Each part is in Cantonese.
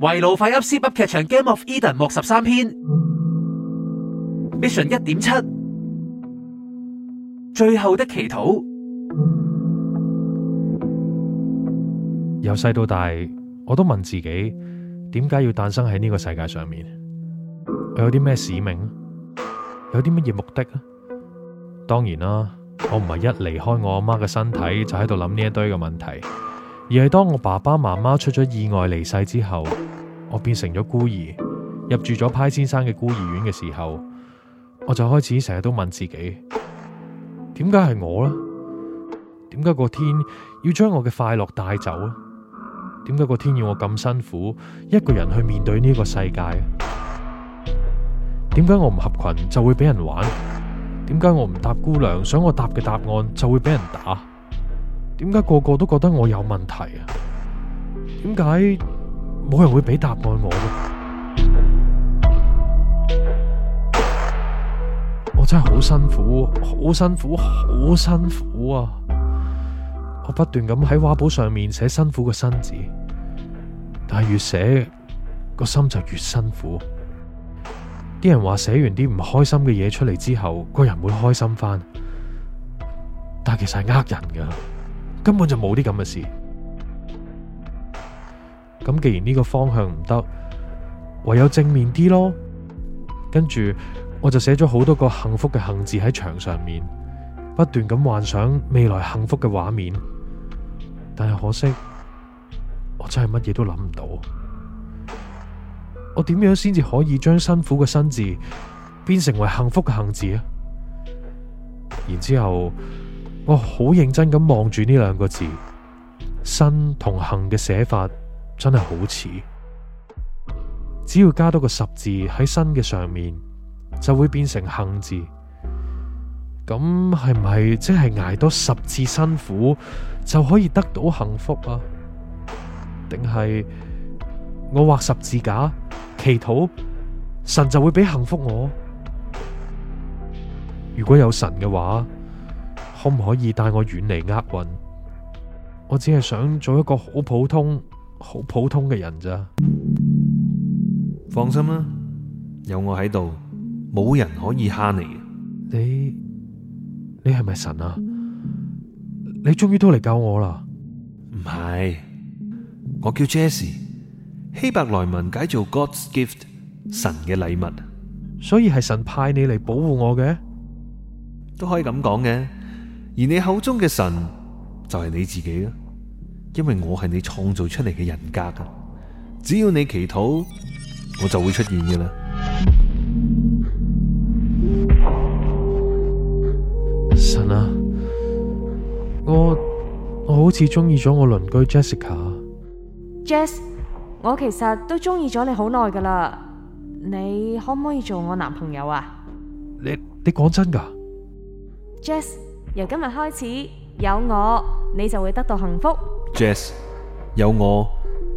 維路快 Zip 噏劇場 Game of Eden 莫十三篇 Mission 一點七最後的祈禱。由細到大，我都問自己，點解要誕生喺呢個世界上面？我有啲咩使命啊？有啲乜嘢目的啊？當然啦，我唔係一離開我阿媽嘅身體就喺度諗呢一堆嘅問題。而係當我爸爸媽媽出咗意外離世之後，我變成咗孤兒，入住咗派先生嘅孤兒院嘅時候，我就開始成日都問自己：點解係我呢？點解個天要將我嘅快樂帶走咧？點解個天要我咁辛苦，一個人去面對呢個世界？點解我唔合群就會俾人玩？點解我唔答姑娘想我答嘅答案就會俾人打？點解個個都覺得我有問題啊？點解冇人會俾答案我嘅？我真係好辛苦，好辛苦，好辛苦啊！我不斷咁喺畫簿上面寫辛苦嘅辛字，但係越寫個心就越辛苦。啲人話寫完啲唔開心嘅嘢出嚟之後，個人會開心返，但其實係呃人噶。根本就冇啲咁嘅事。咁既然呢個方向唔得，唯有正面啲咯。跟住我就寫咗好多個幸福嘅幸字喺牆上面，不斷咁幻想未來幸福嘅畫面。但係可惜，我真係乜嘢都諗唔到。我點樣先至可以將辛苦嘅辛字變成為幸福嘅幸字啊？然之後。我好認真咁望住呢兩個字，辛同幸嘅寫法真係好似，只要加多個十字喺辛嘅上面，就會變成幸字。咁係唔係即係挨多十次辛苦就可以得到幸福啊？定係我畫十字架祈禱，神就會俾幸福我？如果有神嘅話，可唔可以帶我遠離厄運？我只係想做一個好普通、好普通嘅人咋。放心啦，有我喺度，冇人可以蝦你，你。你你係咪神啊？你終於都嚟救我啦！唔係，我叫 Jesse，希伯來文解做 God's Gift 神嘅禮物，所以係神派你嚟保護我嘅？都可以咁講嘅。而你口中嘅神就係你自己咯，因為我係你創造出嚟嘅人格噶，只要你祈禱，我就會出現噶啦。神啊，我我好似中意咗我鄰居 Jessica。Jess，我其實都中意咗你好耐噶啦，你可唔可以做我男朋友啊？你你講真噶？Jess。由今日開始，有我你就會得到幸福。Jess，有我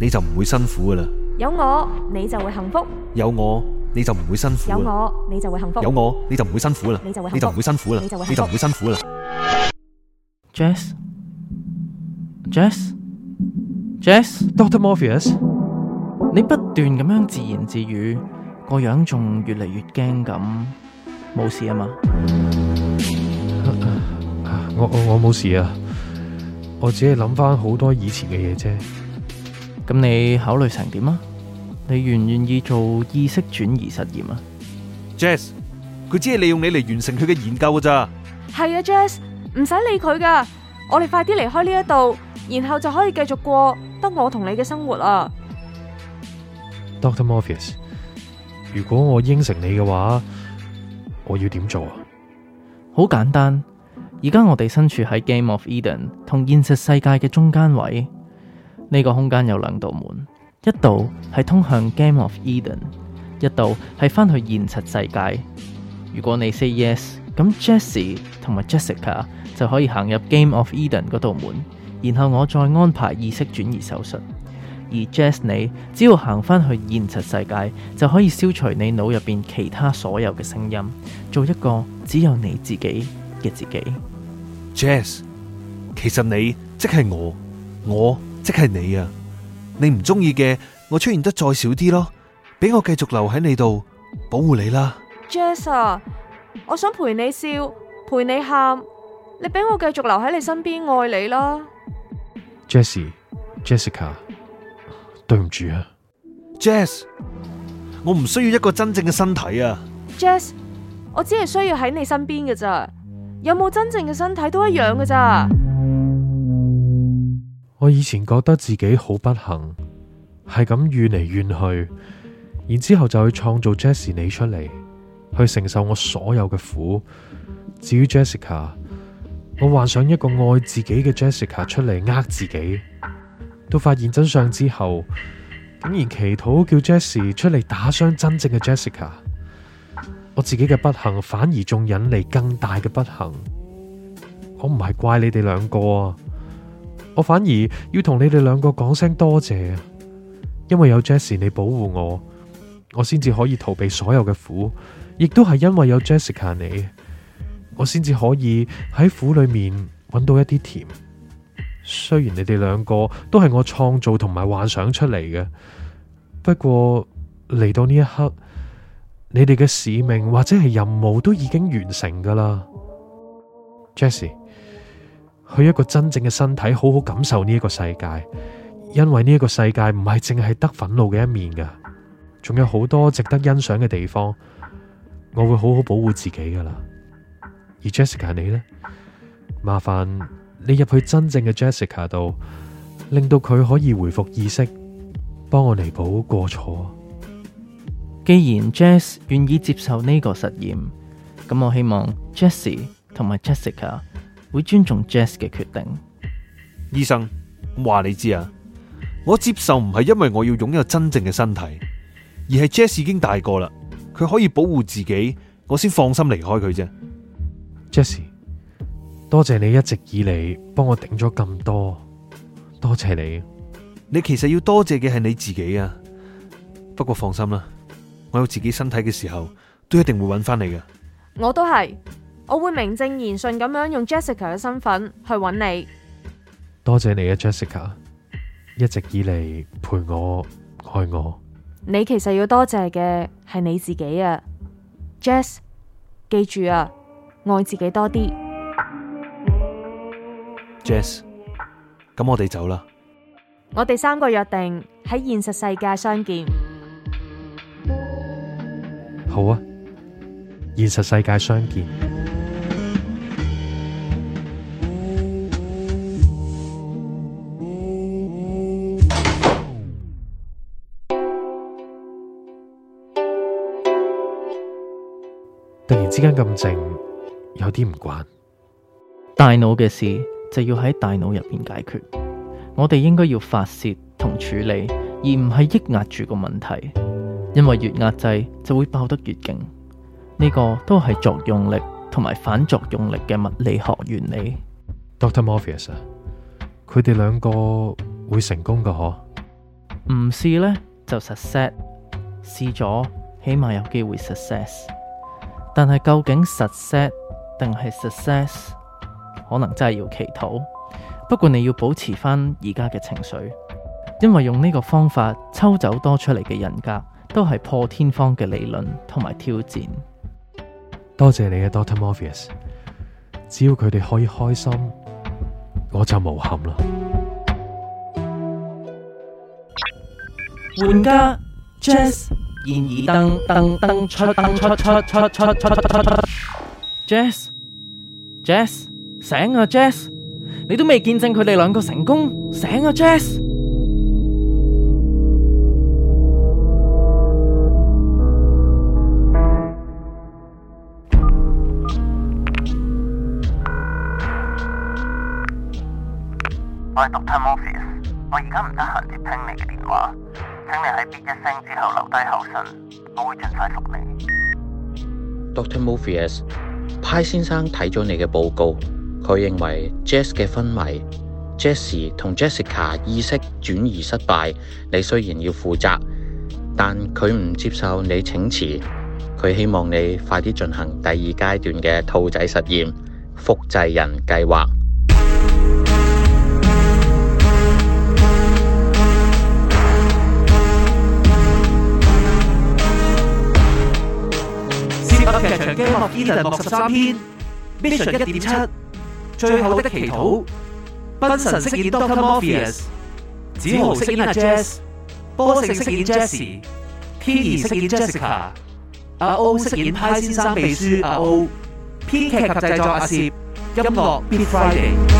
你就唔會辛苦噶啦。有我，你就，有我你就會幸福。有我你就唔會辛苦。有我你，你就會幸福。有我你就唔會辛苦啦。你就唔會辛苦啦。你就唔會辛苦啦。Jess，Jess，Jess，Doctor Morpheus，你不斷咁樣自言自語，個 樣仲越嚟越驚咁，冇事啊嘛？我我冇事啊，我只係諗翻好多以前嘅嘢啫。咁你考慮成點啊？你願唔願意做意識轉移實驗啊？Jess，佢只係利用你嚟完成佢嘅研究噶咋。係啊，Jess，唔使理佢噶，我哋快啲離開呢一度，然後就可以繼續過只有我同你嘅生活啦、啊。Doctor Morpheus，如果我應承你嘅話，我要點做啊？好簡單。而家我哋身處喺 Game of Eden 同現實世界嘅中間位，呢個空間有兩道門，一道係通向 Game of Eden，一道係返去現實世界。如果你 say yes，咁 Jesse 同埋 Jessica 就可以行入 Game of Eden 嗰道門，然後我再安排意識轉移手術。而 Jess 你只要行返去現實世界，就可以消除你腦入邊其他所有嘅聲音，做一個只有你自己嘅自己，Jess，其實你即係我，我即係你啊！你唔中意嘅，我出現得再少啲咯，俾我繼續留喺你度保護你啦。Jess 啊，我想陪你笑，陪你喊，你俾我繼續留喺你身邊愛你啦。Jesse，Jessica，對唔住啊，Jess，我唔需要一個真正嘅身體啊。Jess，我只係需要喺你身邊嘅咋。有冇真正嘅身體都一樣嘅咋。我以前覺得自己好不幸，係咁怨嚟怨去，然之後就去創造 Jesse 你出嚟，去承受我所有嘅苦。至於 Jessica，我幻想一個愛自己嘅 Jessica 出嚟，呃自己，到發現真相之後，竟然祈禱叫 Jesse 出嚟打傷真正嘅 Jessica。我自己嘅不幸，反而仲引嚟更大嘅不幸。我唔係怪你哋兩個啊，我反而要同你哋兩個講聲多謝啊。因為有 Jesse 你保護我，我先至可以逃避所有嘅苦；亦都係因為有 Jessica 你，我先至可以喺苦裏面揾到一啲甜。雖然你哋兩個都係我創造同埋幻想出嚟嘅，不過嚟到呢一刻。你哋嘅使命或者係任務都已經完成噶啦，Jesse，去一個真正嘅身體好好感受呢一個世界，因為呢一個世界唔係淨係得憤怒嘅一面噶，仲有好多值得欣賞嘅地方。我會好好保護自己噶啦，而 Jessica 你呢？麻煩你入去真正嘅 Jessica 度，令到佢可以回復意識，幫我彌補過錯。既然 Jess 願意接受呢個實驗，咁我希望 Jesse 同埋 Jessica 會尊重 Jess 嘅決定。醫生，話你知啊，我接受唔係因為我要擁有真正嘅身體，而係 Jess 已經大個啦，佢可以保護自己，我先放心離開佢啫。Jesse，多謝你一直以嚟幫我頂咗咁多，多謝你。你其實要多謝嘅係你自己啊。不過放心啦。我有自己身體嘅時候，都一定會揾翻你嘅。我都係，我會名正言順咁樣用 Jessica 嘅身份去揾你。多謝你啊，Jessica，一直以嚟陪我、愛我。你其實要多謝嘅係你自己啊，Jess，記住啊，愛自己多啲。Jess，咁 我哋走啦。我哋三個約定喺現實世界相見。好啊，現實世界相見。 突然之間咁靜，有啲唔慣。大腦嘅事就要喺大腦入邊解決。我哋應該要發洩同處理，而唔係抑壓住個問題。因為越壓制就會爆得越勁，呢個都係作用力同埋反作用力嘅物理學原理。Doctor Morpheus，佢哋兩個會成功噶？嗬，唔試呢，就失敗，試咗起碼有機會 success 但係究竟 success 定係 success，可能真係要祈禱。不過你要保持翻而家嘅情緒，因為用呢個方法抽走多出嚟嘅人格。都係破天荒嘅理論同埋挑戰。多謝你嘅 Doctor Morpheus，只要佢哋可以開心，我就無憾啦。玩家 Jess，然而噔噔噔出出出出出出出出，Jess，Jess，醒啊 Jess，你都未見證佢哋兩個成功，醒啊 Jess。我係 Dr. Morpheus，我而家唔得閒接聽你嘅電話，請你喺嗶一聲之後留低口信，我會盡快覆你。Dr. Morpheus，派先生睇咗你嘅報告，佢認為 Jess 嘅昏迷、Jesse 同 Jessica 意識轉移失敗，你雖然要負責，但佢唔接受你請辭，佢希望你快啲進行第二階段嘅兔仔實驗複製人計劃。劇場 Game of Eden 莫十三篇，Mission 一點七，最後的祈禱。分神飾演 Doctor Morpheus，紫豪飾演阿 Jess，波性飾演 Jesse，P 二飾演 Jessica，阿 O 飾演 π 先生秘書阿 O，編劇及製作阿攝，音樂 Bill Friday。